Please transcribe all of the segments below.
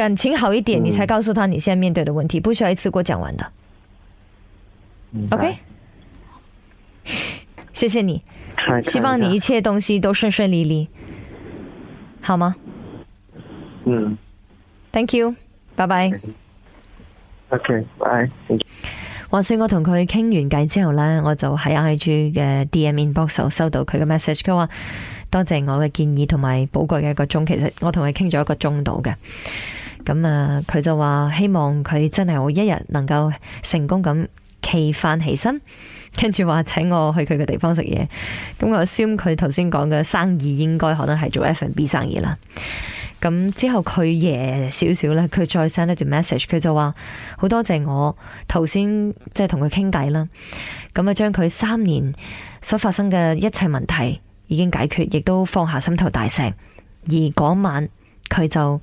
感情好一點，你才告訴他你現在面對的問題，嗯、不需要一次過講完的。OK， 謝謝你看看，希望你一切東西都順順利利，好嗎？嗯，Thank you，拜拜。OK，拜、okay。話說我同佢傾完偈之後呢，我就喺 IG 嘅 DM inbox 收到佢嘅 message，佢話多謝我嘅建議同埋寶貴嘅一個鐘，其實我同佢傾咗一個鐘度嘅。咁啊，佢就話希望佢真係我一日能夠成功咁企翻起身，跟住話請我去佢嘅地方食嘢。咁我估佢頭先講嘅生意應該可能係做 F&B 生意啦。咁之後佢夜少少咧，佢再 send 一段 message，佢就話好多謝我頭先即係同佢傾偈啦。咁、就、啊、是，將佢三年所發生嘅一切問題已經解決，亦都放下心頭大石。而嗰晚佢就。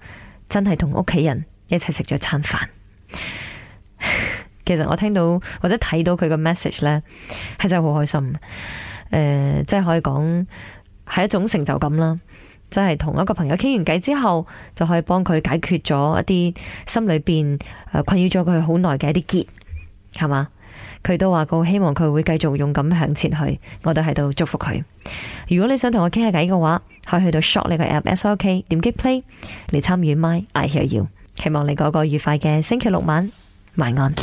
真係同屋企人一齊食咗餐飯。其實我聽到或者睇到佢個 message 呢，係真係好開心，誒、呃，即係可以講係一種成就感啦，即係同一個朋友傾完偈之後，就可以幫佢解決咗一啲心裏邊困擾咗佢好耐嘅一啲結，係嘛？佢都話過希望佢會繼續勇敢向前去，我都喺度祝福佢。如果你想同我傾下偈嘅話，可以去到 short 呢個 app SOK，點擊 play 嚟參與 my I hear you。希望你過個愉快嘅星期六晚，晚安。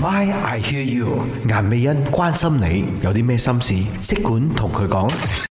My I hear you，顏美欣關心你有啲咩心事，即管同佢講。